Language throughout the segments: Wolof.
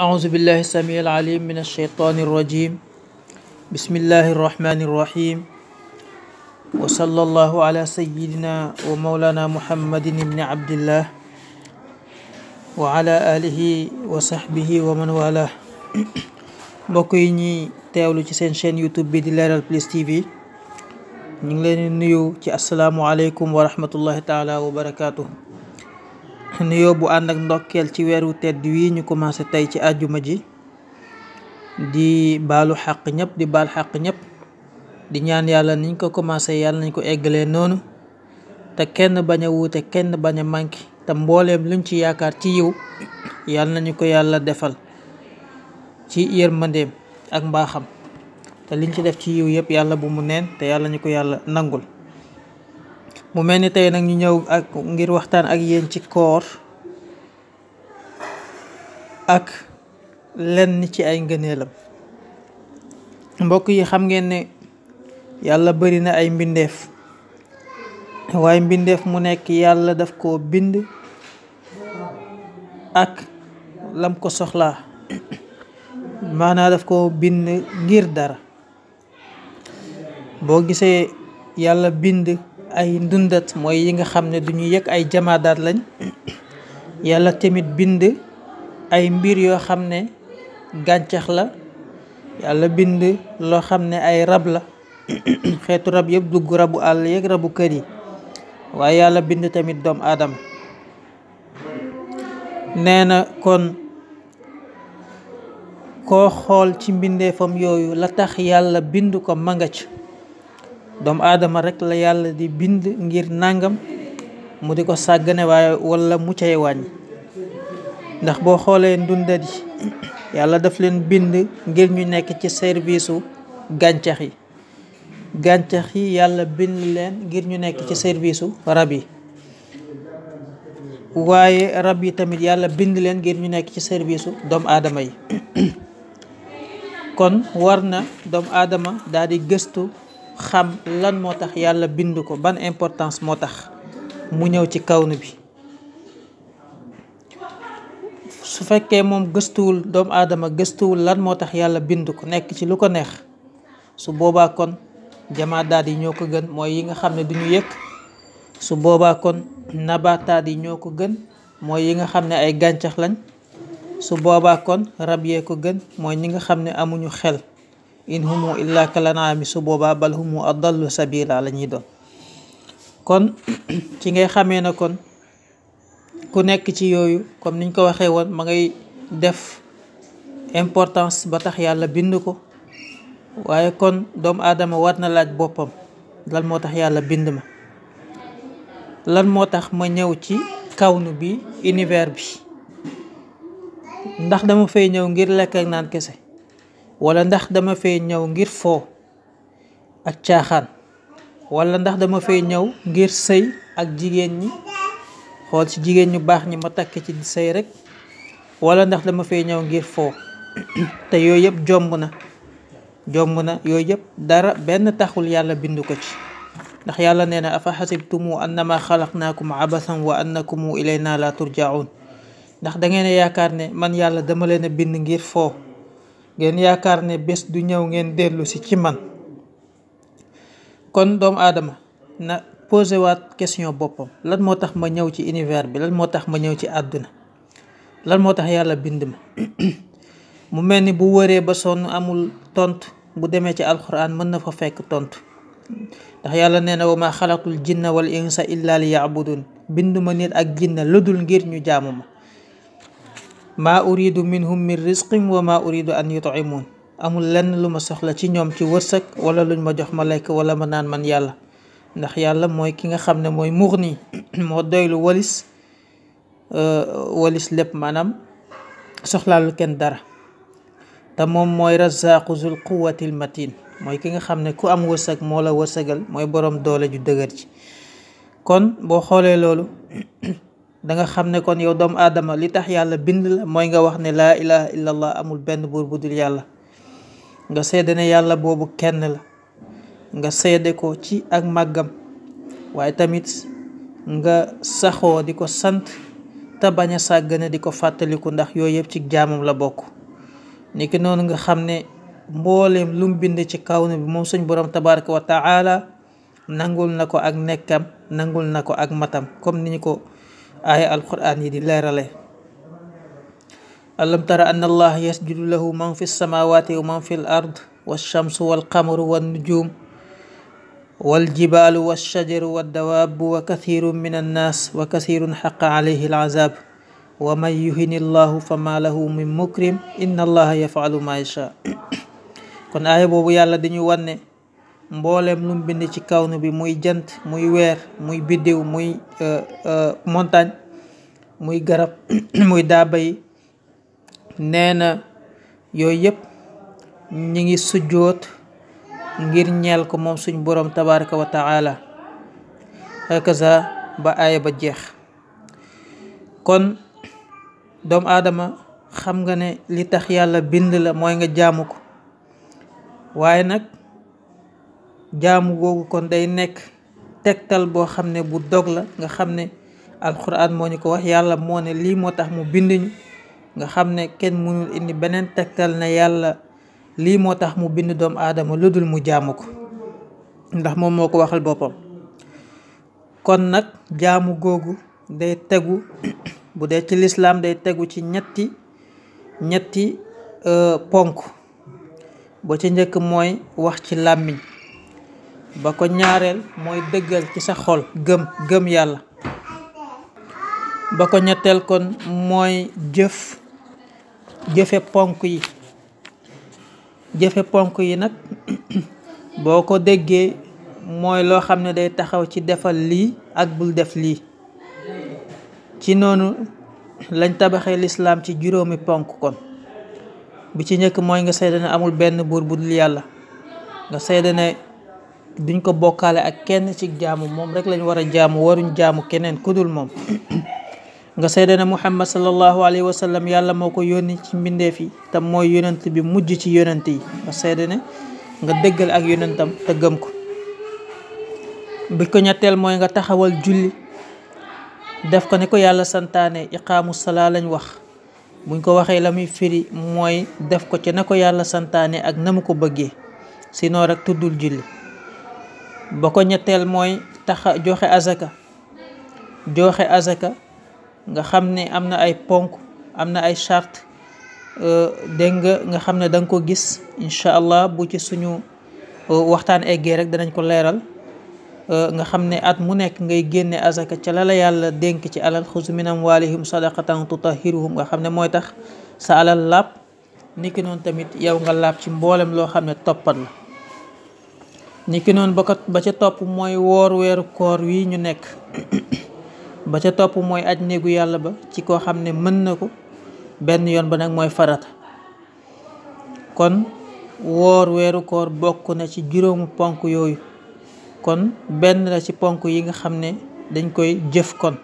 أعوذ بالله السميع العليم من الشيطان الرجيم بسم الله الرحمن الرحيم وصلى الله على سيدنا ومولانا محمد بن عبد الله وعلى آله وصحبه ومن والاه بكوي ني تيولو سي سين شين يوتيوب بي دي ليرال بليس تي في نيو السلام عليكم ورحمه الله تعالى وبركاته nuyoo bu and ak ndokkeel ci wéru tedd wi ñu commencé tay ci aljuma ji di balu haq ñep di bal haq ñep di ñaan yalla niñ ko commencé yalla nañ ko eggalee nonu te kenn baña wuté kenn baña manki te luñ ci yaakar ci yiw yalla ko yalla defal ci yermandé ak mbaxam te liñ ci def ci yiw yépp yalla bu mu neen te yalla ñu ko yalla nangul mu melni tay nak ñu ñew ak ngir waxtaan ak yeen ci koor ak lenn ci ay ngeeneelam mbokk yi xam ngeen ne yàlla bari na ay mbindeef waaye mbindeef mu nekk yàlla daf koo bind ak lam ko soxlaa maanaa daf koo bind ngir dara boo gisee yàlla bind ay ndundat mooy yi nga xam ne du ñu yëg ay jamaadaat lañ yàlla tamit bind ay mbir yoo xam ne gàncax la yàlla bind loo xam ne ay rab la xeetu rab yëpp dugg rabu àll yeeg rabu kër yi waaye yàlla bind tamit doomu aadama nee na kon koo xool ci mbindeefam yooyu la tax yàlla bind ko ma ci doomu aadama rek la yàlla di bind ngir nàngam mu di ko sàggane waaye wala mu cay wàññi ndax boo xoolee ndundat yi yàlla daf leen bind ngir ñu nekk ci service gàncax yi gàncax yi yàlla bind leen ngir ñu nekk ci service rab yi waaye rab yi tamit yàlla bind leen ngir ñu nekk ci service doomu aadama yi kon war na doomu aadama daal gëstu xam lan moo tax yàlla ko ban importance moo tax mu ñew ci kawnu bi su fekke mom gëstuwul doomu adama gëstuwul lan moo tax yàlla bind ko nek ci luko neex su boba kon jamaadaat yi ñoo ko gën moy yi nga xamne duñu yek su boba kon nabata di ñoko gën moy yi nga xamne ay gantax lañ su boba kon rab ko gën moy ñi nga xamne amuñu xel in humu illa kalana su subo bal humu adallu sabila la ñuy kon ci ngay xamé na kon ku nekk ci yoyu comme niñ ko waxé won ma ngay def importance ba tax yalla bind ko waye kon dom adama wat na laaj bopam lan motax yalla bind ma lan motax ma ñew ci kawnu bi univers bi ndax dama fay ñew ngir lek ak nan kese wala ndax dama fee ñëw ngir foo ak caaxaan ndax dama fee ñëw ngir sëy ak jigéen ñi xool ci jigéen ñu baax ñi ma takk ci sëy rek wala ndax dama fee ñëw ngir foo te yooyu yëpp jomb na jomb na yooyu yëpp dara benn taxul yàlla bind ko ci ndax yàlla nee na afa xasibtumu annama xalaqnaakum abasan wa annakumu ilayna la turjaun ndax da ngeen yaakaar ne man yàlla dama leen a bind ngir foo ngeen yaakaar ne bés du ñëw ngeen dellu si ci man kon doomu aadama na posé waat question boppam lan moo tax ma ñëw ci univers bi lan moo tax ma ñëw ci àdduna lan moo tax yàlla bind ma mu mel ni bu wëree ba sonn amul tontu bu demee ci alxuraan mën na fa fekk tontu ndax yàlla nee na wa ma xalaqul jinna wal insa illa li yaabudun bind ma nit ak jinna lu dul ngir ñu jaamu ma maa uridu minhum min risqin wa maa uridu an yut'imun amul lenn lu ma soxla ci ñoom ci wërsëg wala luñ ma jox ma lekk wala ma naan man yàlla ndax yàlla mooy ki nga xam ne mooy muxni moo doylu walis walis lépp maanaam soxlaalu kenn dara te moom mooy razaqu zul quwatil matin mooy ki nga xam ne ku am wërsëg moo la wërsëgal mooy borom doole ju dëgër ci kon boo xoolee loolu da nga xamne kon yow dom adam li tax yalla bind la moy nga wax ne la ilaha illallah amul ben bur budul yalla nga seede ne yalla boobu kenn la nga seede ko ci ak magam waye tamit nga saxo di ko sant te bañ a sàggane di ko ndax yoyep ci jamum la bokk niki non nga xamne mbollem lum bind ci kawna bi mom suñ borom wa taala nangul nako ak nekkam nangul nako ko ak matam comme ni ko آية القرآن يدي الله رلي ألم ترى أن الله يسجد له من في السماوات ومن في الأرض والشمس والقمر والنجوم والجبال والشجر والدواب وكثير من الناس وكثير حق عليه العذاب ومن يهن الله فما له من مكرم إن الله يفعل ما يشاء كن آية بو يالا دي mbooleem lu mu bind ci kawnu bi muy jant muy weer muy biddiw muy euh, euh, montagne muy garab muy daaba yi nee na yooyu yëpp ñi ngi sujjoot ngir ñeel ko moom suñ boroom tabaraka wa taala ba aaya ba jeex kon doom aadama xam nga ne li tax yàlla bind la mooy nga jaamu ko waaye nag jaamu googu kon day nekk tegtal boo xam ne bu dog la nga xam ne alxuraan moo ñu ko yàlla moo ne lii moo tax mu bind ñu nga xam ne kenn mënul indi beneen tegtal ne yàlla lii moo tax mu bind doomu aadama lu dul mu jaamu ko ndax moom moo ko waxal boppam kon nag jaamu googu day tegu bu dee ci lislaam day tegu ci ñetti ñetti euh, ponk boo ci njëkk mooy wax ci làmmiñ ba ko ñaareel mooy dëggal ci sa xol gëm gëm yàlla ba ko ñetteel kon mooy jëf jëfe ponk yi jëfe ponk yi nag boo ko déggee mooy loo xam ne day taxaw ci defal lii ak bul def lii ci noonu lañ tabaxee lislaam ci juróomi ponk kon bi ci njëkk mooy nga seede amul benn buur bu dul yàlla nga seede duñ ko bokkaale ak kenn ci jaamu moom rek lañ war a jaamu waruñ jaamu keneen kudul moom nga seede ne muhammad sallallahu alayhi wa sallam yàlla moo ko yónni ci mbindeef yi te mooy yonent bi mujj ci yonent yi nga seede ne nga dëggal ak yonentam te ko bi ko ñetteel mooy nga taxawal julli def ko ne ko yàlla santaane iqaamu salaa lañ wax buñ ko waxee la muy firi mooy def ko ci na ko yàlla santaane ak na mu ko bëggee sinon rek tuddul julli ba ko ñetteel mooy taxa joxe azaka joxe azaka nga xam ne am na ay ponk am na ay charte euh, dégg nga nga xam ne danga ko gis incha allah bu ci suñu euh, waxtaan eggee rek danañ ko leeral euh, nga xam ne at mu nekk ngay génne azaka ca la la yàlla dénk ci alal xuz min amwalihim sadaqatan tutahiruhum nga xam ne mooy tax sa alal laab niki noonu tamit yow nga laab ci mboolem loo xam ne toppat la niki non bakat ba ca top moy wor wer koor wi ñu nek ba ca top moy aj néegu yàlla ba ci ko xamne mën nako ben ba nak moy farata kon wor wer koor bokku na ci juroomu ponku kon ben la ci ponku yi nga xamne dañ koy jëf kon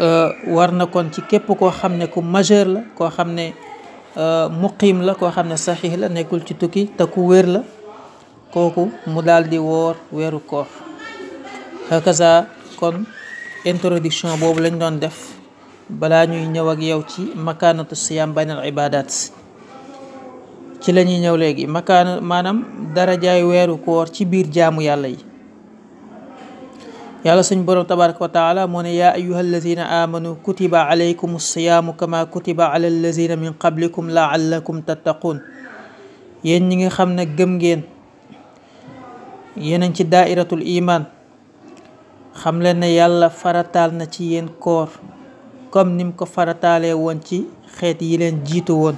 euh, war na kon ci kep ko xamne ku majeur la ko xamne euh muqim la ko xamne sahih la nekul ci tukki ta ku wer la koku mu daldi wor wéru koor hakaza kon introduction bobu lañ doon def bala ñuy ñëw ak yow ci makanatu siyam bainal ibadat ci lañuy ñëw legi makan manam dara jaay wéru koor ci bir jaamu yàlla yi yàlla suñu borom tabaraka wa taala mo ne ya ayyuhal ladhina amanu kutiba alaykumus siyam kama kutiba alal ladhina min qablikum laallakum tattaqun yen ñi nga xamne gëm ngeen yéen ci daairatul imaan xam leen ne yàlla farataal na ci yéen koor comme nim ko farataalee woon ci xeet yi leen jiitu woon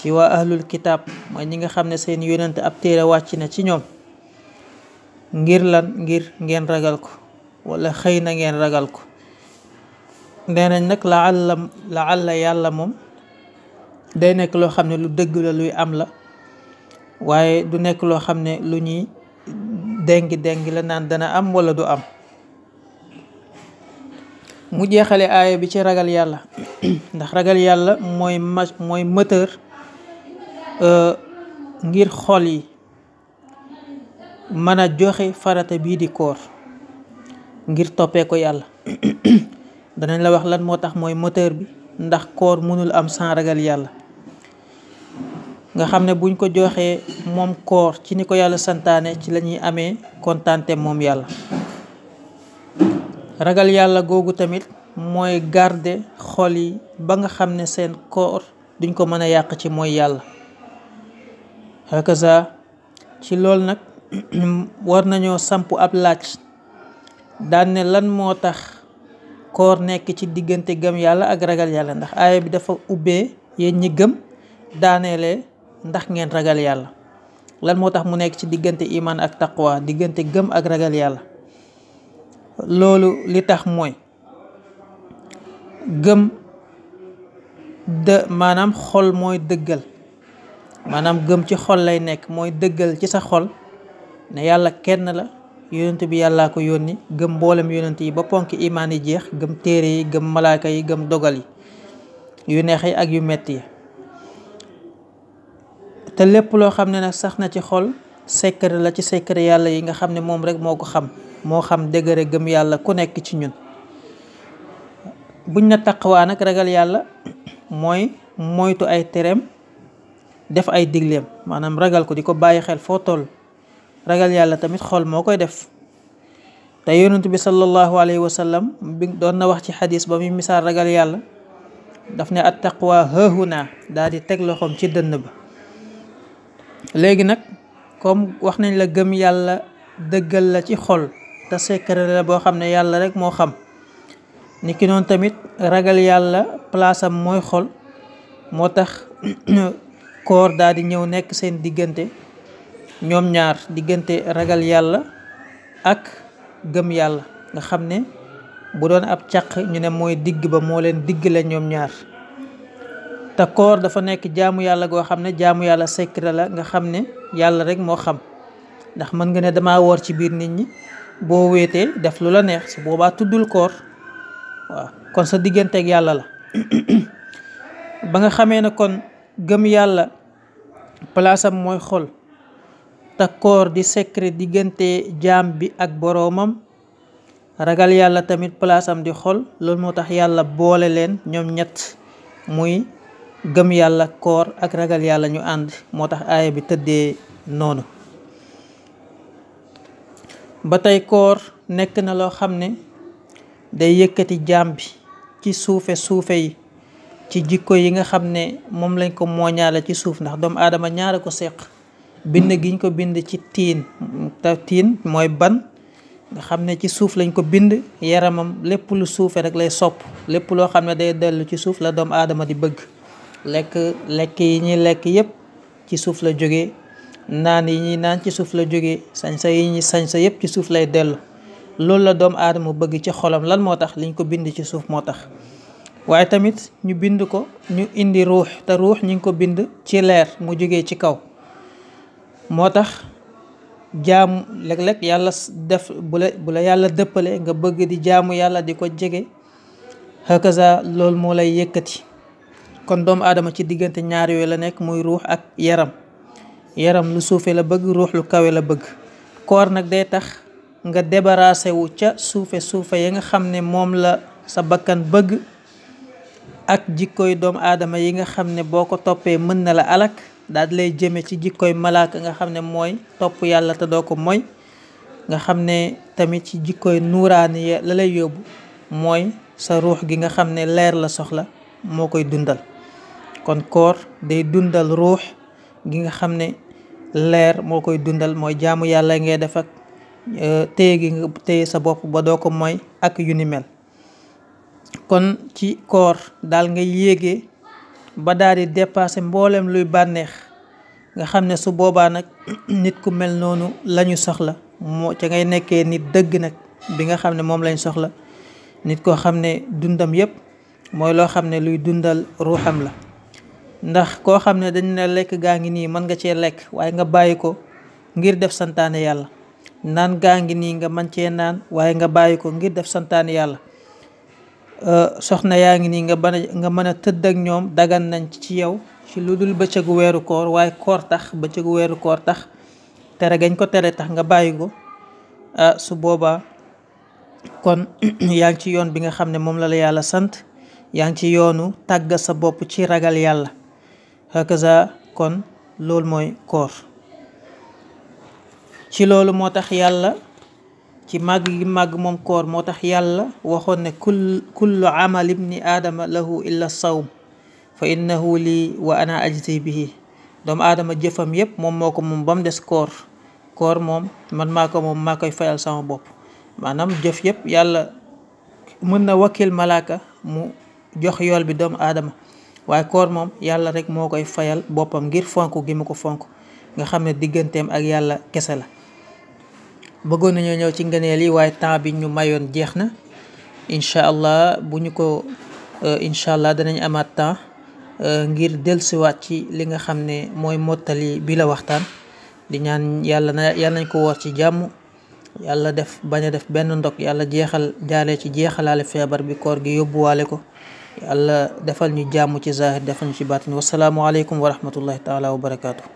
ci waa ahlul kitaab mooy ñi nga xam ne seen yonent ab téere wàcc na ci ñoom ngir lan ngir ngeen ragal ko wala xëy na ngeen ragal ko nee nag la àlla la yàlla moom day nekk loo xam ne lu dëgg la luy am la waaye du nekk loo xam ne lu ñuy dengi dengi la naan dana am wala du am mu jeexale aaya bi ci ragal yàlla ndax ragal yàlla mooy ma mooy moteur euh, ngir xol yi mën a joxe farata bii di koor ngir toppee ko yàlla danañ la wax lan moo tax mooy moteur bi ndax koor mënul am sans ragal yàlla nga xam ne buñ ko joxee moom koor ci ni ko yàlla santaane ci lañuy amee kontaante moom yàlla ragal yàlla googu tamit mooy garder xol yi ba nga xam ne seen koor duñ ko mën a yàq ci mooy yàlla hakaza ci loolu nag war nañoo samp ab laaj daan lan moo tax koor nekk ci diggante gëm yàlla ak ragal yàlla ndax aaya bi dafa ubbee yéen gëm daaneele ndax ngeen ragal yalla lan motax mu nek ci iman ak taqwa diganti gem ak ragal yalla loolu li tax moy gem de manam xol moy deugal manam gem ci xol lay nek moy deugal ci sa xol ne yalla kenn la yonent bi yalla ko yoni gem bolam yonent yi ba ponk iman yi jeex gem tere yi gëm malaaka yi gem dogal yi yu neex ak yu metti te lépp loo xam ne nag sax na ci xol secret la ci secret yàlla yi nga xam ne moom rek moo ko xam moo xam dëgëre gëm yàlla ku nekk ci ñun buñ na taqwaa nag ragal yàlla mooy moytu ay tereem def ay digleem maanaam ragal ko di ko bàyyi xel foo toll ragal yàlla tamit xol moo koy def te yonent bi sallallahu alayhi wa sallam bi doon na wax ci xadis ba muy misaal ragal yàlla daf ne at taqwa hahuna daal di teg loxoom ci dënn ba léegi nag comme wax nañ la gëm yàlla dëggal la ci xol te secret la boo xam ne yàlla rek moo xam ni ki noonu tamit ragal yàlla place mooy xol moo tax koor daal di ñëw nekk seen diggante ñoom ñaar diggante ragal yàlla ak gëm yàlla nga xam ne bu doon ab caq ñu ne mooy digg ba moo leen digg la ñoom ñaar ta koor dafa nekk jaamu yàlla goo xam ne jaamu yàlla secret la nga xam ne yàlla rek moo xam ndax mën nga ne dama woor ci biir nit ñi boo wéetee def lu neex su boobaa tuddul koor waaw kon sa digganteeg yàlla la ba nga xamee ne kon gëm yàlla palaasam mooy xol ta koor di secret diggante jaam bi ak boroomam ragal yàlla tamit palaasam di xol loolu moo tax yàlla boole leen ñoom ñett muy gëm yàlla koor ak ragal yàlla ñu ànd moo tax aaya bi tëddee noonu ba tey koor nekk na loo xam ne day yëkkati jaam bi ci suufe suufe yi ci jikko yi nga xam ne moom lañ ko mooñaale ci suuf ndax doom aadama ñaara ko seq bind giñ ko bind ci tiin tiin mooy ban nga xam ne ci suuf lañ ko bind yaramam lépp lu suufe rek lay sopp lépp loo xam ne day dellu ci suuf la doom aadama di bëgg lekk lekk yi ñuy lekk yépp ci suuf la jóge naan yi ñuy naan ci suuf la jógee sañsa yi ñuy sañsa yépp ci suuf lay dellu loolu la doom aadama bëgg ci xolam lan moo tax liñ ko bind ci suuf moo tax waaye tamit ñu bind ko ñu indi ruux te ruux ko bind ci leer mu jógee ci kaw moo tax jaamu léeg-léeg yàlla def bu la yàlla dëppale nga bëgg di jaamu yàlla di ko jege hakaza loolu moo lay yëkkati kon doomu aadama ci diggante ñaar yooyu la nekk muy ruux ak yaram yaram lu suufe la bëgg ruux lu kawe la bëgg koor nag day tax nga débarrassé wu ca suufe suufe ya nga xam ne moom la sa bakkan bëgg ak jikkooy doomu aadama yi nga xam ne boo ko toppee mën na la alak daal di lay jëme ci jikkooy malaaka nga xam ne mooy topp yàlla te doo ko mooy nga xam ne tamit ci jikkooy nuuraani ya la lay yóbbu mooy sa ruux gi nga xam ne leer la soxla moo koy dundal kon koor day dundal ruux gi nga xam ne leer moo koy dundal mooy jaamu yàlla ngay def ak euh, téye gi nga téye sa bopp ba doo ko moy ak yu ni mel kon ci koor daal ngay yéege ba daldi di dépasser mboolem luy bànneex nga xam ne su boobaa nag nit ku mel noonu lañu soxla moo ca ngay nekkee nit dëgg nag bi nga xam ne moom lañ soxla nit koo xam ne dundam yépp mooy loo xam ne luy dundal ruuxam la ndax ko xamne dañ na lek gaangi ni man nga ci lek waye nga bayiko ko ngir def santane yalla nan gaangi ni nga man cee nan waye nga bayiko ko ngir def yalla euh soxna yaangi ni nga nga meuna a ak ñom dagan nañ ci yow ci luddul dul wëru koor waye koor tax wëru koor tax tere gañ ko tere tax nga bàyyi ko su boba kon yaa ci yoon bi nga xamne mom la la yalla sant yaa ci yoonu tagga sa bop ci ragal yalla هكذا كون لول موي كور شي لول موتاخ يالا شي ماغ ماغ موم كور موتاخ يالا واخون كل كل عمل ابن ادم له الا الصوم فانه لي وانا اجتي به دوم ادم جفام ييب موم موكو موم بام ديس كور كور موم من ماكو موم ماكاي فايال سام بوب مانام جف ييب يالا من وكيل ملاكه مو جوخ يول بي دوم ادمه waaye koor moom yàlla rek moo koy fayal boppam ngir fonk gi mu ko fonk nga xam ne digganteem ak yàlla kese la bëggoon nañoo ñëw ci ngëneel li waaye temps bi ñu mayoon jeex na incha allah bu ñu ko euh, incha allah danañ amaat temps euh, ngir dellusiwaat ci li nga xam ne mooy mottali bi la waxtaan di ñaan yàlla na yàlla nañ ko woor ci jàmm yàlla def bañ def benn ndog yàlla jeexal jaaree ci jeexalaale feebar bi koor gi yóbbuwaale ko يالا دافال جامو سي ظاهر دافال والسلام عليكم ورحمه الله تعالى وبركاته